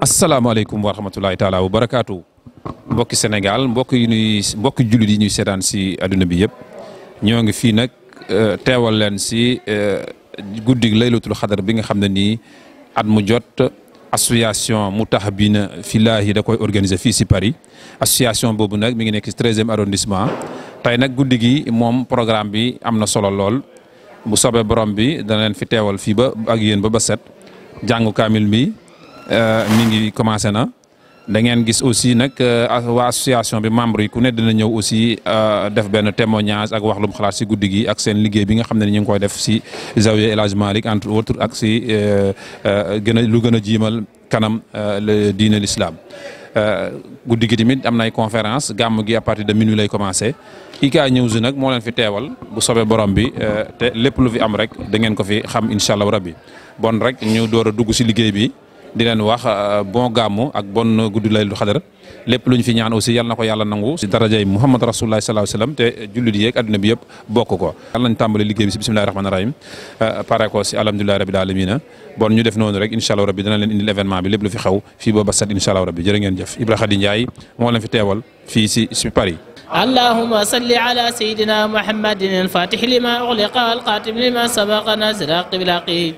asalaamaaleykum wa rahmatulahi taala wa barakaatu mbokki Sénégal mbokk yu ñuy mbokki jullit yi ñuy seetaan si adduna bi yëpp ñoo ngi fii nag euh, teewal leen si euh, guddig laylatul xadar bi nga xam ne nii at mu jot association Moutahabina Fillahi da koy organiser fii si Paris association boobu nag mi ngi nekk si arrondissement tey nag guddi gi moom programme bi am na solo lool bu sobee borom bi dana leen fi teewal fii ba ak yéen ba ba set jàngu kaamil Euh, mi ngi commencé na da ngeen gis aussi nag waa euh, association bi membre yi ku ne dina ñëw aussi euh, def benn témoignage ak wax lu xalaat si guddi gi ak seen liggéey bi nga xam ne ñu ngi koy def si Zawiya El Hadj Malick entre autres ak si gën lu gën a jiimal kanam le diine l'islam guddi gi tamit am na ay conférence gàmm gi à partir de minuit lay commencé ñëw News nag moo leen fi teewal bu soobee borom bi te lépp lu fi am rek da ngeen ko fi xam incha allah rabbi bon rek ñu door a dugg si liggéey bi. di len wax bon gamu ak bon guddi laylu xadar lépp luñ fi ñaan aussi yalla nako yàlla nangu ci daraja yi muhammad rasulullah sallallahu alayhi wasallam te jullit yeeg adduna bi yëpp bokk ko yàlla nañ tàmbali liggéey bi si bismillahi rahim pare ko si alhamdulillahi rabbil alamin bon ñu def nonu rek inshallah rabbi dana len indi l'événement bi lépp lu fi xaw fi boba sat inshallah rabbi jërë ngeen jëf ibrahim khadi ndjay mo len fi tewal fi ci si Paris اللهم صل على سيدنا محمد الفاتح لما أغلق القاتم لما سبق نازل قبلاقه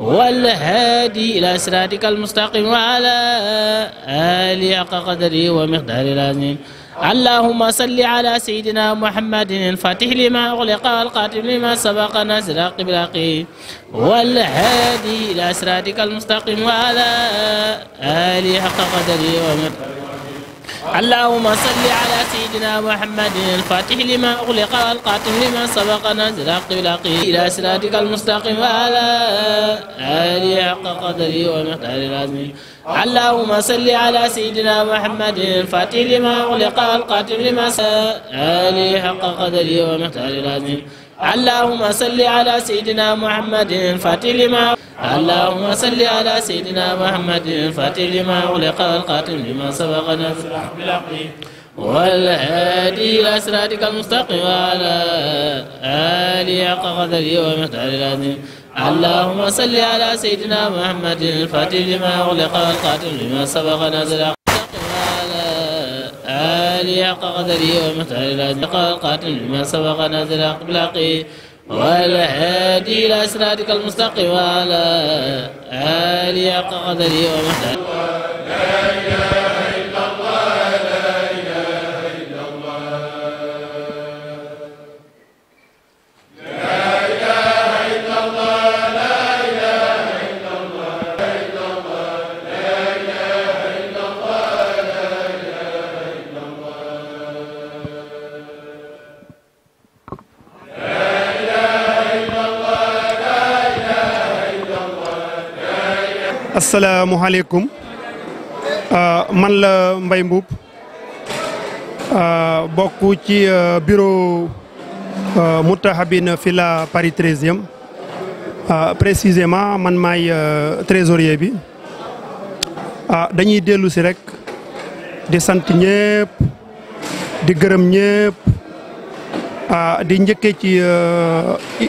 والهادي إلى صراطك المستقيم وعلى آله حق قدري ومقداره العظيم اللهم صل على سيدنا محمد الفاتح لما أغلق القاتل لما سبق نازل قبلقي والهادي إلى صراطك المستقيم وعلى آله حق قدره ومقداره اللهم صل على سيدنا محمد الفاتح لما أغلق والقاتم لما سبق نازل قبلقي إلى صراطك المستقيم وعلى ال حق قدري ومقدار العظيم اللهم صل على سيدنا محمد الفاتح لما أغلق والقاتم لما سبق ال حق قدري ومقدار العظيم اللهم صل على سيدنا محمد فاتي لما اللهم صل على سيدنا محمد فاتي لما أغلق القاتل لما سبق نفسه والهادي إلى صراطك المستقيم وعلى ال حق قدره ومقداره العظيم اللهم صل على سيدنا محمد فاتي لما أغلق القاتل لما سبق نزل علي حق قدري ومتعلي الأزلق القاتل بما سبق نازل أقبلاقي والهادي إلى صراطك المستقيم والهادي آلي حق قدري ومتعلي asalaamualeykum uh, man la Mbaye Mboup uh, bokk ci uh, bureau Moutahabina fi la Paris 13e précisément man maay trésorier bi dañuy dellusi si rek di sant ñëpp di gërëm ñëpp di njëkkee ci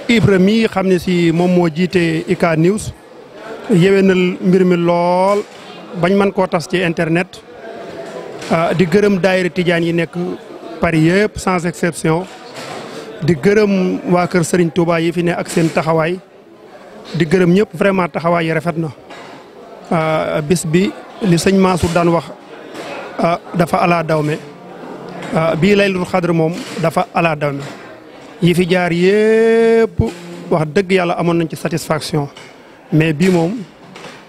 Ibra mi xam ne si moom moo jiite IK News yéwénal mbir mi lool bañ mën koo tas ci internet ah, di gërëm daayira tijaan yi nekk Paris yëpp sans exception di gërëm waa kër Serigne Touba yi fi ne ak seen taxawaay di gërëm ñëpp vraiment taxawaay yi rafet na ah, bis bi li sëñ Mansour daan wax ah, dafa ala dawme bii laylatul xadr moom dafa ala dawme yi fi jaar yëpp wax dëgg yàlla amoon nañ ci satisfaction mais bii moom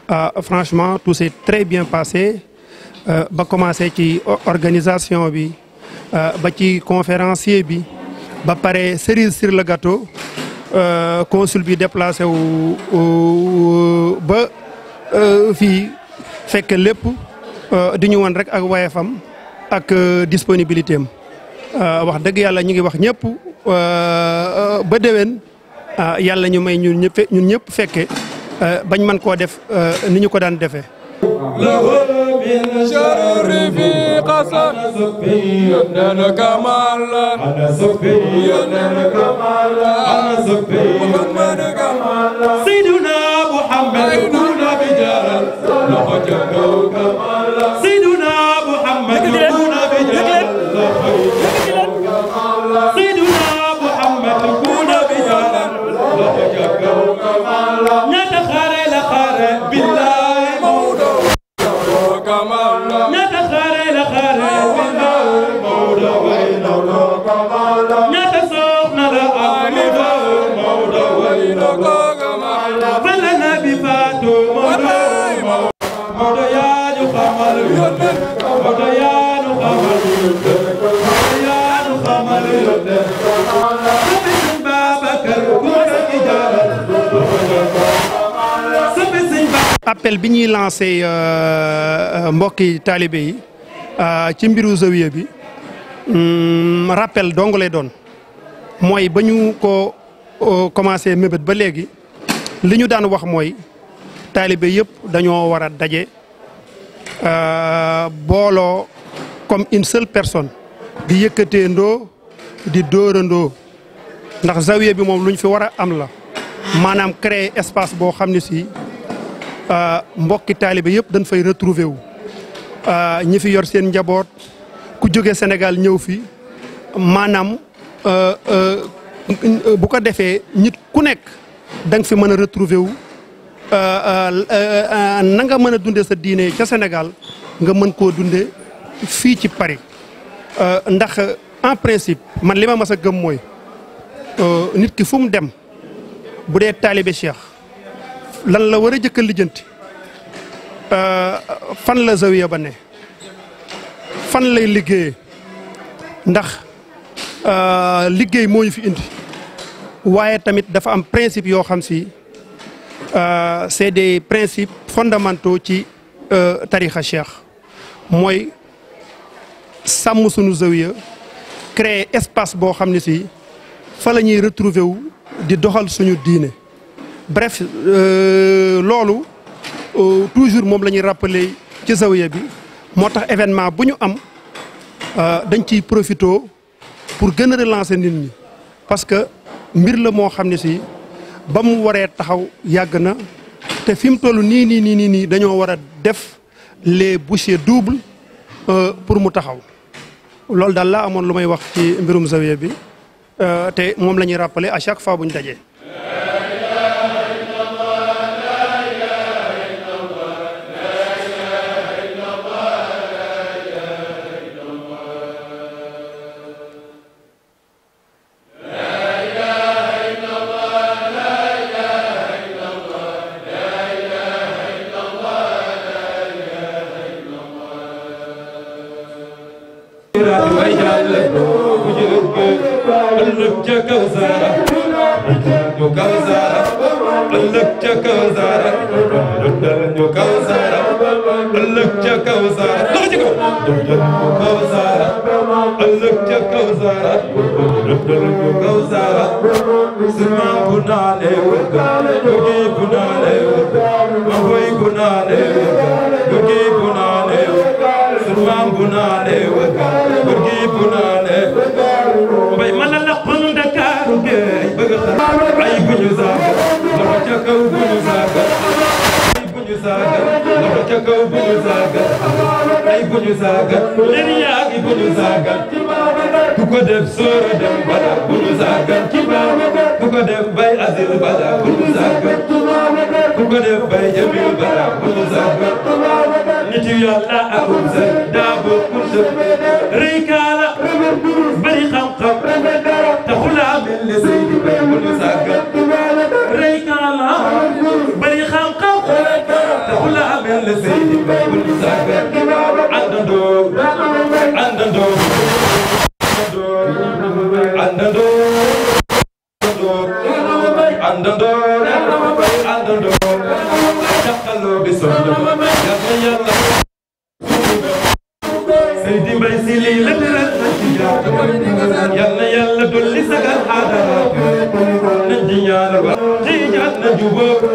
ah, franchement tout s'est très bien passé euh, ba commencé ci organisation bi euh, ba ci conférencier bi ba pare cerise sur le gâteau euh, consul bi déplacé wu ba fi, fekk lépp di ñu woon rek ak wayefam ak disponibilité am wax deug yalla ñi ngi wax ñëpp ba déwén ah, yalla ñu may ñun ñëpp ñun ñëpp fekke Euh, bañ man koo def euh, ni ñu ko daan defee. Loxo appel bi ñuy lancé euh, euh, mbokki taalibe yi euh, ci mbiru zawiya bi Mm, rappel dong lay doon mooy ba ñu ko commencé mébét ba léegi li ñu daan wax mooy taalibe yëpp dañoo war a daje euh, booloo comme une seule personne di yëkkatee ndoo di doorandoo ndax zawiya bi moom lu ñu fi war a am la maanaam créer espace boo xam ne si euh, mbokki taalibe yëpp dañ fay retrouver wu euh, ñi fi yor seen njaboot ku jóge Sénégal ñëw fi maanaam euh, euh, bu ko defee nit ku nekk da fi mën a retrouver wu euh, na nga mën a dundee sa diine ca Sénégal nga mën koo dundee fii ci Paris ndax en principe man li ma mas a gëm mooy nit ki fu mu dem bu dee taalibe Cheikh lan la war a jëkk a lijjanti fan la zawiya ba ne fan lay liggéeyee ndax euh, liggéey moo ñu fi indi waaye tamit dafa am principe yoo xam si euh, c'est des principes fondamentaux ci euh, tarixa cheikh mooy sàmm sunu zawiya créer espace boo xam ne si fa la ñuy retrouver wu di doxal suñu diine bref loolu toujours moom la ñuy rappeler ci zawiya bi motax événement buñu am am euh, dañ ci profito pour gën relancer nit ñi parce que mbir la mo xamni ci si ba mu waree taxaw yag na te fim tollu ni ni ni ni nii wara def les bouchées doubles euh, pour mu taxaw lool dal la amone lumay wax ci mbirum zawiya bi euh, te té mom lañuy rappeler à chaque fois buñu dajé Kawsara dundal ñu Kawsara ëllëg ca Kawsara dundal ñu Kawsara ëllëg ca Kawsara loxo ci kaw dundal ñu Kawsara ëllëg ca Kawsara dundal ñu Kawsara sima bu naane wërga yogi bu naane wërga mafoy bu naane wërga yogi bu naane wërga sima bu naane wërga ca kaw bu ñu saagal ay bu ñu saagal leen yaa ngi bu ñu saagal ku ko def sóora dem bada bu ñu saagal ku ko def bay asil bada bu ñu saagal ku ko def bay jamil bada bu ñu saagal nit yu yàlla akum sa daa bokku sëf rëy kaala bari xam-xam taxulaa mel ni sëy di bay bu ñu saagal شريك له بري خلقه تقول لها بين سيدي بيقول عندندو عندندو عندندو عندندو عندندو شقلو بسوندو يلا يلا سيدي بيسيلي لترى يلا يلا دولي سكر حدا ندي يا dana jubóo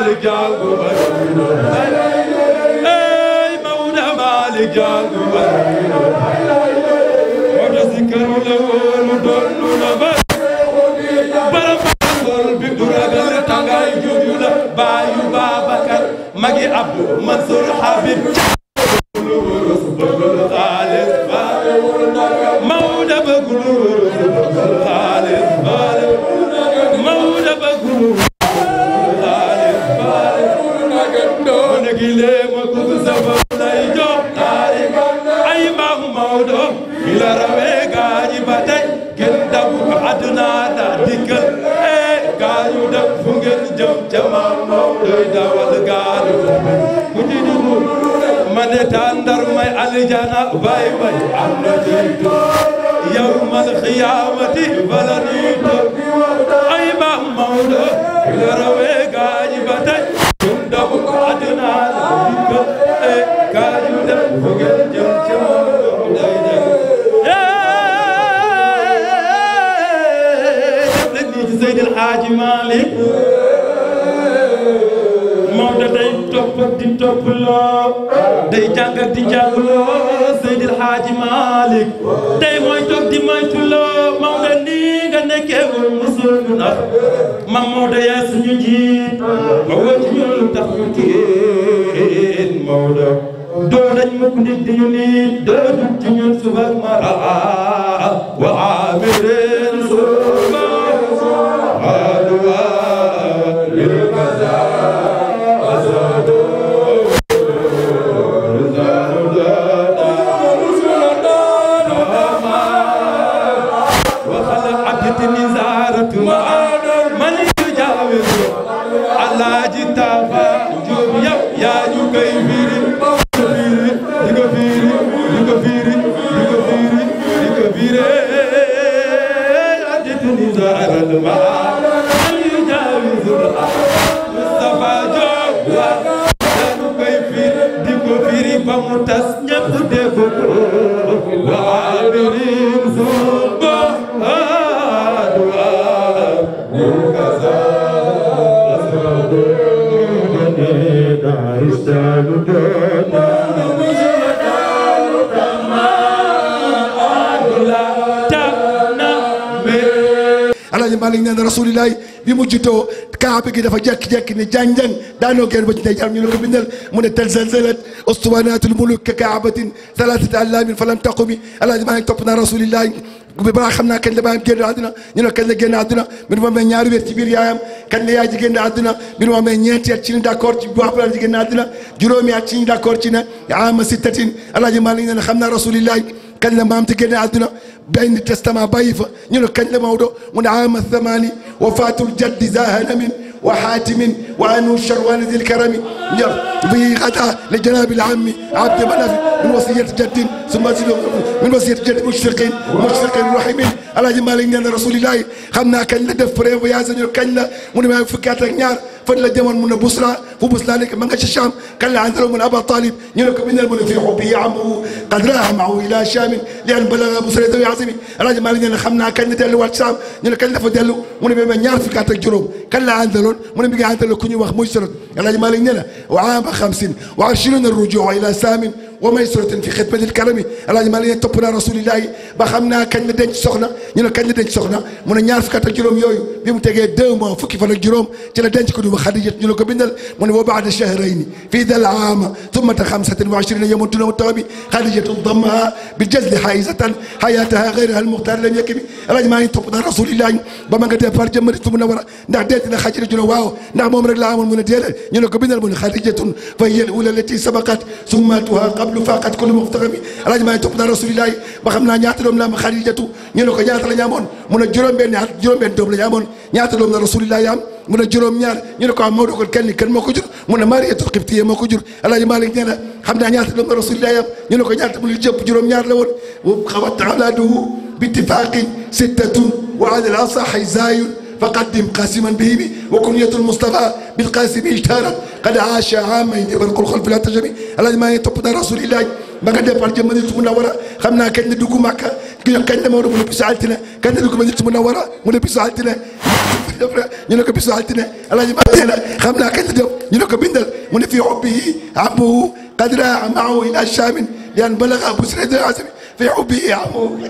مالك جاكو اي مولى مالك جاكو وتذكر له المدن نبات برفعل بدرب التنغاي جوجو بايو بابكر مجي عبد منصور حبيب Alaaji Maalik Maodo day topp di topp loo day jàngat di jàng loo Seydil Alaaji Maalik tey mooy toog di moytu loo Maodo nii nga nekkee woon musul ñu nax mam Maodo yaay suñu njiit ma woo ci ñun lu tax ñu tiit Maodo doo nañ mukk nit di ci ñun suba wa amirin نزار الماء nee na rasulilaay bi mu jutoo kaaba gi dafa jekki-jekki ne jàng-jàng daanoo génn ba ci ndey jaam ñu ne ko bindal mu ne talzalzalat ustuwanatul topp naa rasulilaay bi balaa xam naa kañ la baayam génn àdduna ñu bi nu ma amee ñaari weer ci biir yaayam kañ la ni d' xam naa rasulilaay كلم أم تكلم عدنا بين تستمع بايف نلو كلم أودو من عام الثماني وفات الجد زاهن من وحاتم وعن الشر الشروان ذي الكرم به غدا لجناب العم عبد مناف من وصية جد ثم من وصية جد مشفق مشفق رحيم على جمال رسول الله خمنا كان دف ريو يا زنيو كان من ما فكاتك نار فلا جمال من بصرة فبصرة لك من غش الشام كان عندنا من أبا طالب يلك من المن في حبي عمه قد راح معه إلى شام لأن بلغ بصرة ذوي عظيمي على جمال خمنا كان دلو الشام يلك كان دلو من ما نار فكات جروب كان عندنا من بقى عندنا وخ مجرد يلا جمالي نلا وعام خمسين وعشرين الرجوع إلى سامن وميسرة في خدمة الكرم الله يمال يتوبنا رسول الله بخمنا كان مدنش سخنا نينا كان مدنش سخنا من نعرف كاتا جروم يوي بيم تغي دوما فكي فلا جروم جلا دنش كدو بخديجة نينا كبنال من وبعد شهرين في ذا العام ثم تخمسة وعشرين يوم تنا متوابي خديجة ضمها بجزل حائزة حياتها غيرها المختار لم يكن الله يمال يتوبنا رسول الله بما قد يفرج مريت من ورا نح ديتنا خجر جنا واو نح العام من ديال نينا كبنال من خديجة فهي الأولى التي سبقت ثم تها قبل qablu faqat kullu muxtarami alaaji maa topp naa rasulillahi ba xam naa ñaata doom la am xarijatu ñu ne ko ñaata la ñu amoon mu ne juróom-benn ñaar juróom-benn doom la ñu amoon ñaata doom la rasulillahi am mu ne juróom-ñaar ñu ne ko am Maodo kon kenn kenn moo ko jur mu ne Mariyatul Qibtiyya moo ko jur alaaji Malik nee na xam naa ñaata doom la rasulillahi am ñu ne ko ñaata mu ne jëpp juróom-ñaar la woon wa xawat alaaduhu bi ittifaaqi sittatun wa alal asaxi zaayun فقدم قاسما به وكنية المصطفى بالقاسم اجتارت قد عاش عاما يبقى خلف لا تجري الذي ما يتبدا رسول الله ما قد يفعل جمال وراء خمنا كان ندوكو معك كان نمر من بس عالتنا كان ندوكو من يتمنى وراء من بس عالتنا ينك بس عالتنا الذي ما بينا خمنا كان ندوكو ينك بندل من في حبه عبه قد راع معه الى الشام لان بلغ ابو سعيد العزمي في حبه عبه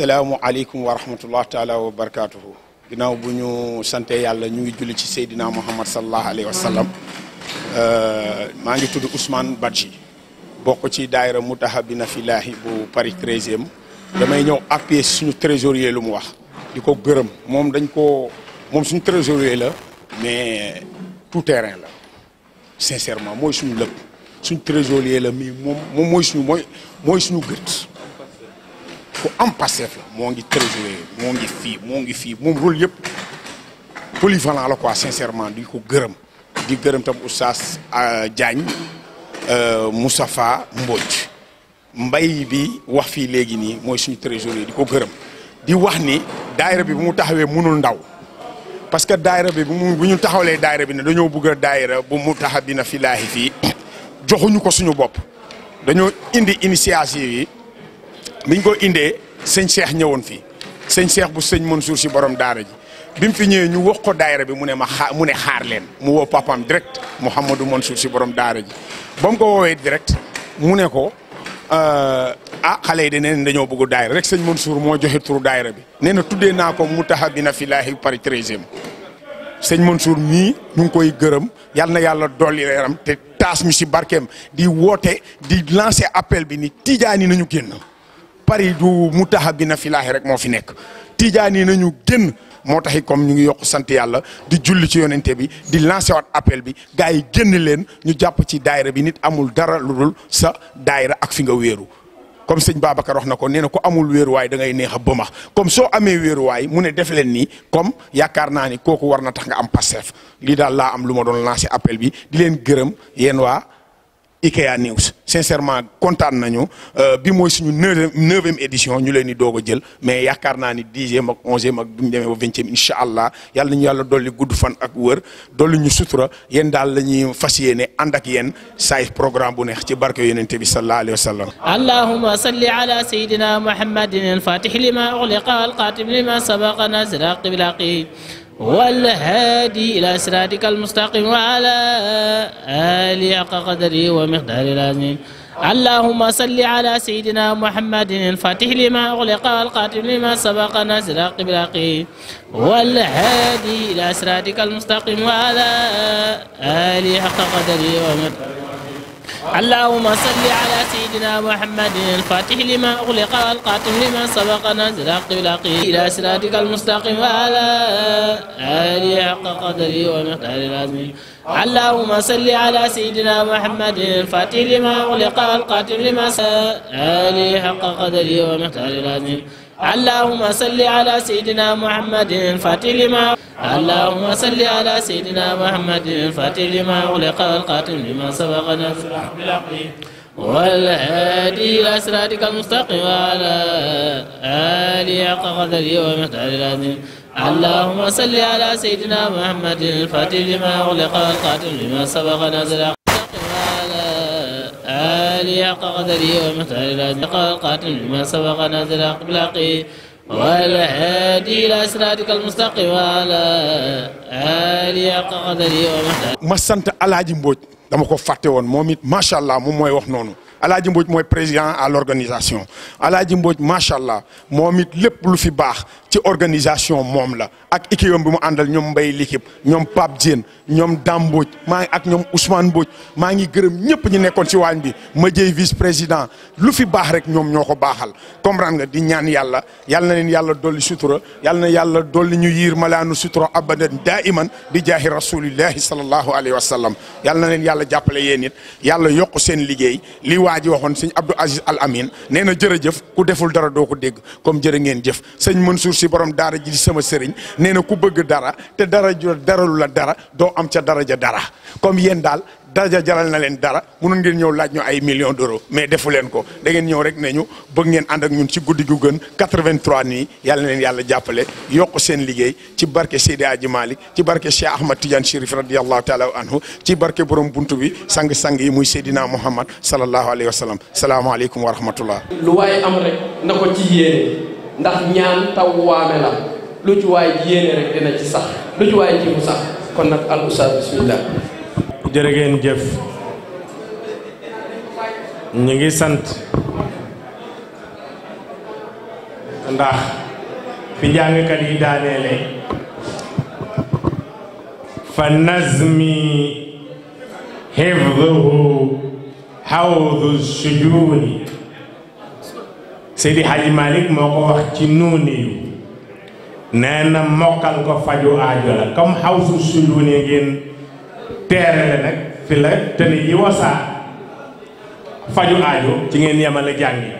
asalaamualeykum wa rahmatullah taala wa barakaatuhu ginnaaw bu ñu sante yàlla ñu ngi julli ci Seydina Muhammad sallallahu alayhi wa sallam maa ngi tudd Ousmane Badji bokk ci daayira Moutahabina Fillahi bu Paris 13e damay ñëw appuyer suñu trésorier lu mu wax di ko gërëm moom dañ ko moom suñu trésorier la mais tout terrain la sincèrement mooy suñu lëpp suñu trésorier la mais moom moom mooy suñu mooy mooy suñu gët ku am Pastef la moo ngi trésorier moo ngi fii moo ngi fii moom rôle yëpp polyvalent la quoi sincèrement di ko gërëm di gërëm tam oustaz euh, Diagne euh, mbay bi wax fii léegi nii mooy suñu trésorier di ko gërëm di wax ni daayira bi bu mu taxawee munul ndaw parce que daayira bi bu mu bu ñu taxawalee daayira bi ne dañoo bëgg a daayira bu mu taxa bi na filaahi fii joxuñu ko suñu bopp dañoo indi initiative biñ ko indee sëñ Cheikh ñëwoon fii sëñ Cheikh bu sëñ Mansour si borom daara ji bi mu fi ñëwee ñu wax ko daayira bi mu ne ma xaar mu ne xaar leen mu woo papaam direct Mouhamadou Mansour si borom daara ji ba mu ko woowee direct mu ne ko euh, ah xale yi de nee dañoo bëgg daayira rek sëñ Mansour moo joxe turu daayira bi nee na tuddee naa ko mu Moutahabina Fillahi Paris 13e sëñ Mansour mii ñu ngi koy gërëm yal na yàlla dolli leeram te taas ñu si barkeem di woote di lancer appel bi ni tijaani nañu génn. Paris du mu taxa bi na filaahi rek moo fi nekk tijaan yi nañu génn moo taxi comme ñu ngi yokk sant yàlla di julli ci yonente bi di lancé waat appel bi gars yi génn leen ñu jàpp ci daayira bi nit amul dara lu dul sa daayira ak fi nga weeru comme sëñ Babacar na ko nee na ko amul wéeruwaay da ngay neex a bëma comme soo amee wéeruwaay mu ne def leen nii comme yaakaar naa ni kooku war na tax nga am Pastef lii daal laa am lu ma doon lancé appel bi di leen gërëm IKEA News sincèrement kontaan nañu bi mooy suñu 9e édition ñu leen di doog a jël mais yaakaar naa ni e ak onzième ak bu ñu demee ba vingtième incha allah yàlla nañu yàlla dolli gudd fan ak wër dolli ñu sutura yéen daal la ñuy fas yéene ànd ak yéen saay programme bu neex ci barke yonente bi sallallahu alayhi wa sallam allahuma salli ala sayidina muhammadin alfatih lima ughliqa alqatim lima sabaqa nasira qiblaqi والهادي إلى صراطك المستقيم وعلى آل حق قدري ومقدار العظيم اللهم صل على سيدنا محمد الفاتح لما أغلق والقاتل لما سبق نازل قبل والهادي إلى صراطك المستقيم وعلى آل حق قدره ومقدار اللهم صل على سيدنا محمد الفاتح لما أغلق القاتم لما سبق نزل قبلقي إلى صراطك المستقيم وعلى آله حق قدري ومقدار العظيم اللهم صل على سيدنا محمد الفاتح لما أغلق القاتم لما سبق آله حق قدري ومقدار العظيم اللهم صل على سيدنا محمد الفاتح لما اللهم صل على سيدنا محمد الفاتح لما أغلق القاتل لما سبق نفسه والهادي إلى صراطك المستقيم وعلى آل حق قدره ومقداره العظيم اللهم صل على سيدنا محمد الفاتح لما أغلق القاتل لما سبق نزل آله حق قدره ومقداره العظيم قال القاتل لما سبق نزل أخلاقه والهادي الى صراطك المستقيم وعلى الي قدري وما سنت الحاج مبوج داما كو فاتي ما شاء الله مو موي نونو الحاج مبوج موي بريزيدان ا لورغانيزاسيون الحاج مبوج ما شاء الله موميت ليپ لو ci organisation moom la ak équipe bi mu àndal ñoom mbay l'équipe ñoom Pape Diène ñoom Damboj maa ngi ak ñoom Ousmane Mbodj maa ngi gërëm ñëpp ñu nekkoon ci waañ bi ma jëy vice président lu fi baax rek ñoom ñoo ko baaxal comprendre nga di ñaan yàlla yàlla na leen yàlla dolli sutura yàlla na yàlla dolli ñu yiir malaanu sutura abadan daa iman di jaahi rasulillahi sallallahu alayhi wa sallam yàlla na leen yàlla jàppale yéen it yàlla yokk seen liggéey li waa ji waxoon sëñ Abdou Aziz Al Amin nee na jërëjëf ku deful dara doo ko dégg ngeen jëf si borom daara ji sama sëriñ nee na ku bëgg dara te dara ju daralu la dara doo am ca daraja dara comme yéen daal daraja jaral na leen dara mënoon ngeen ñëw laaj ñu ay millions d'euros mais defu leen ko dangeen ñëw rek ne ñu bëgg ngeen ànd ak ñun ci guddi gu gën 83 nii yàlla na leen yàlla jàppale yokk seen liggéey ci barke Seydi Hadji Malick ci barke Cheikh Ahmad Tidiane Chérif radiallahu taala anhu ci barke borom bunt bi sang-sang yi muy Seydina Mouhamad sallallahu alayhi wa sallam salaamaaleykum wa rahmatullah lu waaye ndax ñaan taw waame la lu ci waay yéene rek dina ci sax lu ci waay mu sax kon nag al ustaas bismillah jërë ngeen jëf ñu ngi sant ndax fi njàngkat yi daaneele fa nazmi hifdhuhu xawdu sujuuni sidi haji malik moko wax ci nuuniyu nee na mokkal ko faju aajo la comme xawsu suluuni ngeen la nak fi la tëni yi wasa faju aajo ci ngeen yemale jangi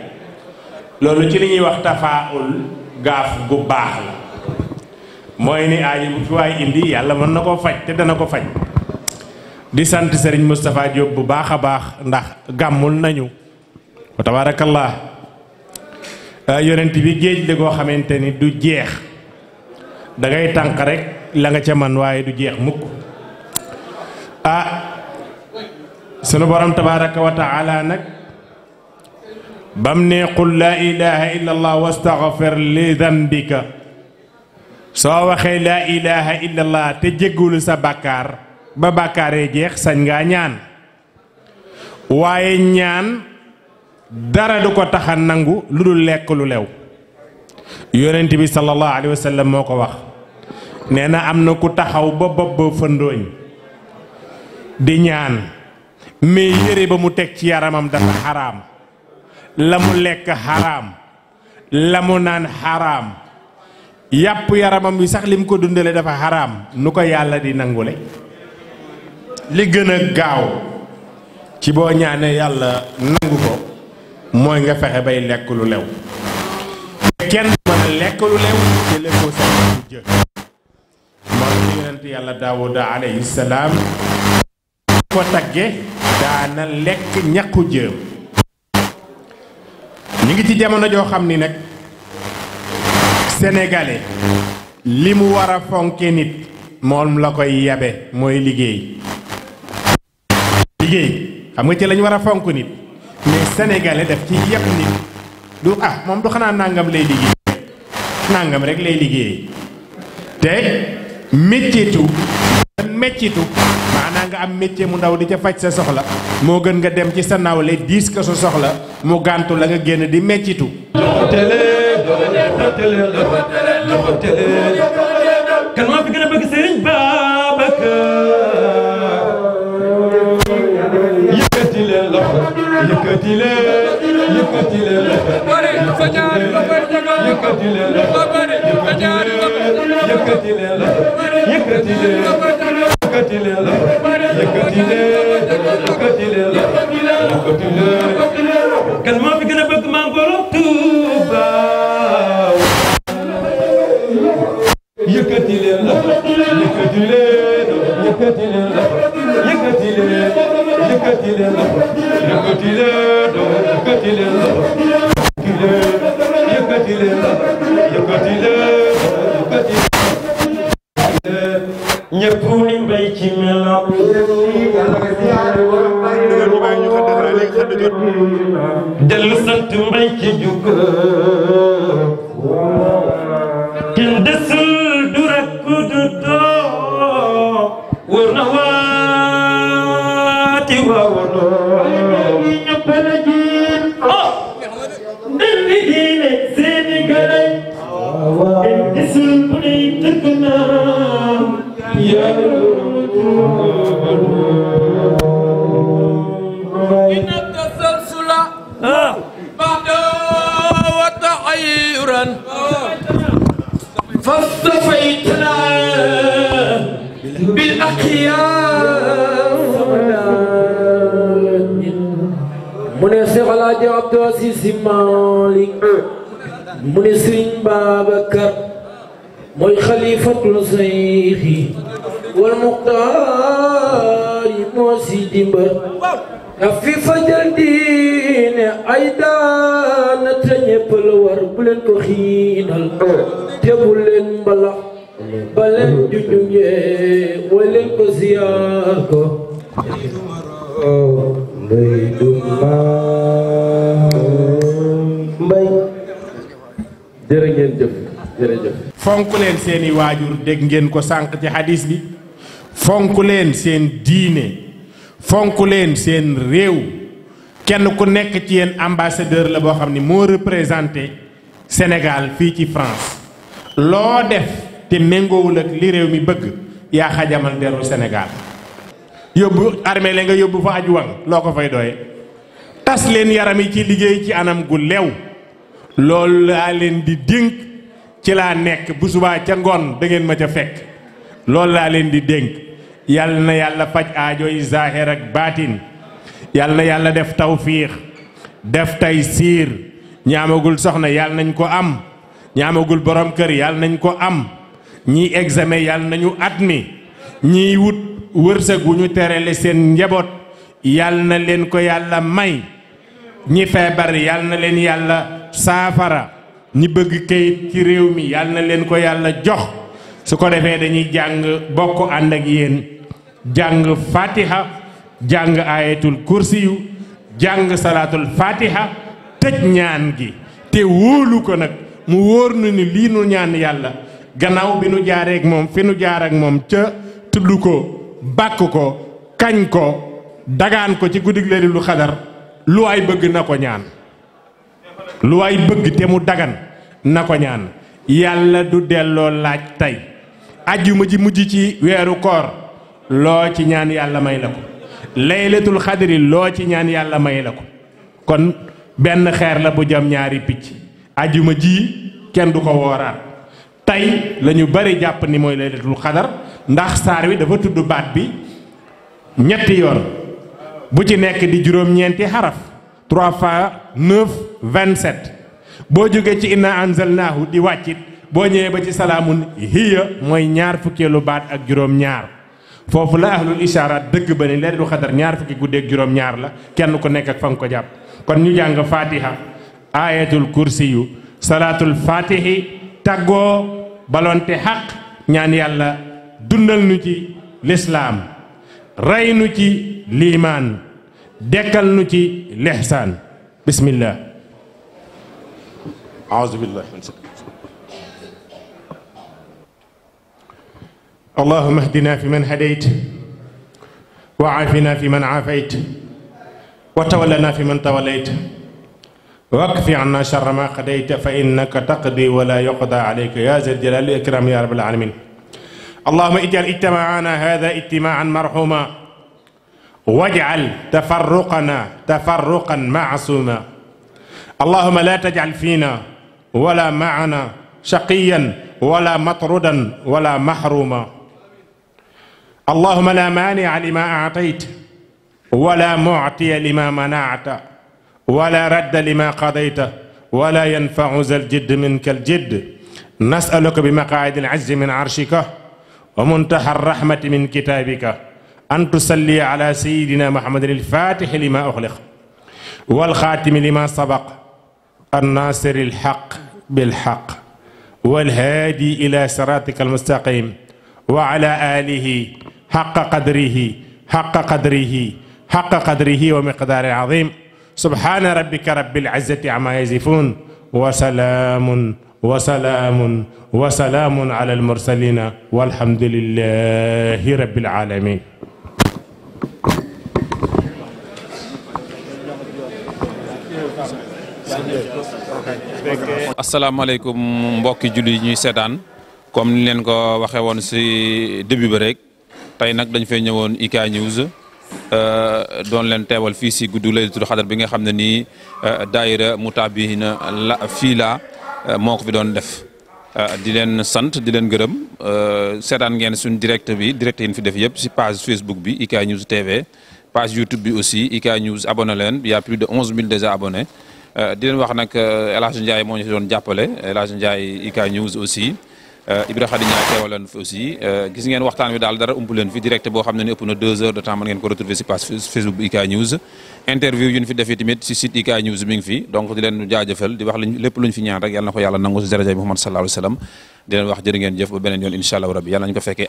lolou ci li wax tafaul gaaf gu bax la moy ni aaji bu fi way indi yalla mën nako faj te dana ko faj di sante serigne mustapha job bu baakha bax ndax gamul nañu tabarakallah Ah, yonent bi géej la goo xamante ni du jeex dangay ngay rekk rek la nga ca man waaye du jeex mukk ah sunu borom tabaraka wa taala nag bam ne qul laa ilaha illa allah wastaghfir li dambika soo waxee laa ilaha illa te jéggulu sa bàkkaar ba bàkkaaree jeex sañ ngaa ñaan waaye ñaan dara du ko taxa nangu lu dul lekk lu lew yonent bi sallallahu wa sallam moo ko wax nee na am na ku taxaw ba bopp ba fëndooñ di ñaan mais yére ba mu teg ci yaramam dafa xaraam la mu lekk xaraam la mu naan xaraam yàpp yaramam bi sax lim ko dundale dafa xaraam nu ko yàlla di nangule li gën a gaaw ci boo ñaanee yàlla nangu ko mooy nga fexe bay lekk lu lew kenn mën lekk lu lew moom li yonent yàlla daawuda alayhi salaam ko tagge daana lekk ñàkku jëm ñu ngi ci jamono joo xam ni nag sénégalais li mu war a fonke nit moom la koy yabe mooy liggéey liggéey xam nga ci lañ war a fonk nit mais sénégalais daf ci yàpp nit du ah moom du xanaa nàngam lay liggéey nàngam rek lay liggéey te méttiitu méttiitu maanaa nga am métier mu ndaw di ca faj sa soxla moo gën nga dem ci sa nawle diis ko sa soxla mu gàntu la nga génn di méttiitu kan maa fi gën a bëgg sëriñ ba yëkkati leen yëkkati leen yëkkati leen yëkkati leen yëkkati leen yëkkati leen mooy xalifatul sayxi wal muxtaar moo si dimba na fi fajal diine ay daana te ñépp la war bu leen ko xiinal te bu leen mbalax ba leen junjungee way leen ko ziyaar ko mbay dumbaay mbay jërë ngeen jëf fonk leen seeni waajur dégg ngeen ko sànq ci hadis bi fonk leen seen diine fonk leen seen réew kenn ku nekk ci yéen ambassadeur la boo xam ni moo représenté Sénégal ci France loo def te méngoowul ak li rew mi bëgg ya xajamal deru Senegal, yo armée la nga yóbbu fa aju wang loo fay doye tas leen yaram yi ci ci anam gu lew loolu laa di dink ci nekk bu subaa ca ngoon da ma ca fekk loolu laa leen di dénk yàlla na yàlla faj aajo yi zaahir ak baatin yàlla na yàlla def tawfiix def tay siir ñaamagul soxna yàlla nañ ko am ñaamagul borom kër yàlla nañ ko am ñiy examen yàlla nañu at mi ñiy wut wërsëg wu ñu terale seen njaboot yàlla na leen ko yàlla may ñi feebar yàlla na leen yàlla saafara ñi bëgg kay ci réew mi yalla na leen ko yalla jox su ko defee dañuy jàng bokk ànd ak yéen jàng fatiha jàng ayatul kursiyu jàng salatul fatiha tëj ñaan gi te wóolu ko nag mu wóor nu ni lii nu ñaan yàlla gannaaw bi nu jaareek moom fi nu jaar ak moom ca tudd ko bàkk ko kañ ko dagaan ko ci guddig lu xadar lu ay bëgg na ko ñaan lu way bëgg té mu dagan nako ñaan yalla du delloo laaj tey ajjuma ji mujj ci wéru koor lo ci ñaan yalla may lako ko laylatul xadri lo ci ñaan yalla may lako kon ben xeer la bu jam ñaari picc ajjuma ji kenn du ko wooraat tay lañu bari japp ni moy laylatul xadar ndax saar wi dafa tuddu baat bi ñetti yoon bu ci nekk di juroom ñenti haraf. 3 fois 9 27 bo jógee ci inna anzalnahu di wàccit bo ñewé ba ci salamun hiya moy ñaar fukki lu baat ak juroom ñaar fofu la ahlul ishaaraat deug ba ni du xadar ñaar fukki ak juroom ñaar la kenn ku nekk ak fam ko japp kon ñu jang fatiha ayatul kursi salatul fatihi tàggoo balonté haq ñaan yalla dundal nu ci l'islam ray nu ci l'iman dekkal nu ci lihsaan bismillah a'uuzu billah اللهم اهدنا فيمن هديت وعافنا فيمن عافيت وتولنا فيمن توليت واكف عنا شر ما قضيت فانك تقضي ولا يقضى عليك يا ذا الجلال والاكرام يا رب العالمين اللهم اجعل اجتماعنا هذا اجتماعا مرحوما واجعل تفرقنا تفرقا معصوما اللهم لا تجعل فينا ولا معنا شقيا ولا مطردا ولا محروما اللهم لا مانع لما أعطيت ولا معطي لما منعت ولا رد لما قضيت ولا ينفع ذا الجد منك الجد نسألك بمقاعد العز من عرشك ومنتهى الرحمة من كتابك أن تصلي على سيدنا محمد الفاتح لما أغلق والخاتم لما سبق الناصر الحق بالحق والهادي إلى صراطك المستقيم وعلى آله حق قدره حق قدره حق قدره ومقدار عظيم سبحان ربك رب العزة عما يزفون وسلام وسلام وسلام على المرسلين والحمد لله رب العالمين alaykum alaikum julli ñuy sétane comme ni len ko waxé won si début bi rek tay nak dañ fay ñëwone IK News euh, doon len teewal fi ci guddu laylatul xadar bi nga xamné ni nii euh, daayira la fi la euh, moko fi doon def di len sant di leen euh sétane ngeen suñu direct bi direct yi fi def yépp ci page Facebook bi IK News TV page YouTube bi aussi IK News abonné il y a plus de 11000 déjà abonnés Euh, di leen wax nag euh, El Hadj Ndiaye moo si doon jàppale El Hadj Ndiaye IK News aussi euh, Ibra Khady Ndiaye teewal leen fi aussi gis ngeen waxtaan wi daal dara ump leen fi direct boo xam ne ni ëpp na deux heures de temps mën ngeen ko retrouver si page Facebook bu IK News interview yu ñu fi defee tamit si site News mi fi donc di leen jaajëfal di wax liñ lépp luñ fi ñaan rek yàlla na ko nangu si daraja Muhammad sallallahu alayhi di leen wax jërë jëf ba beneen yoon incha allahu rabbi yàlla nañu ko fekkee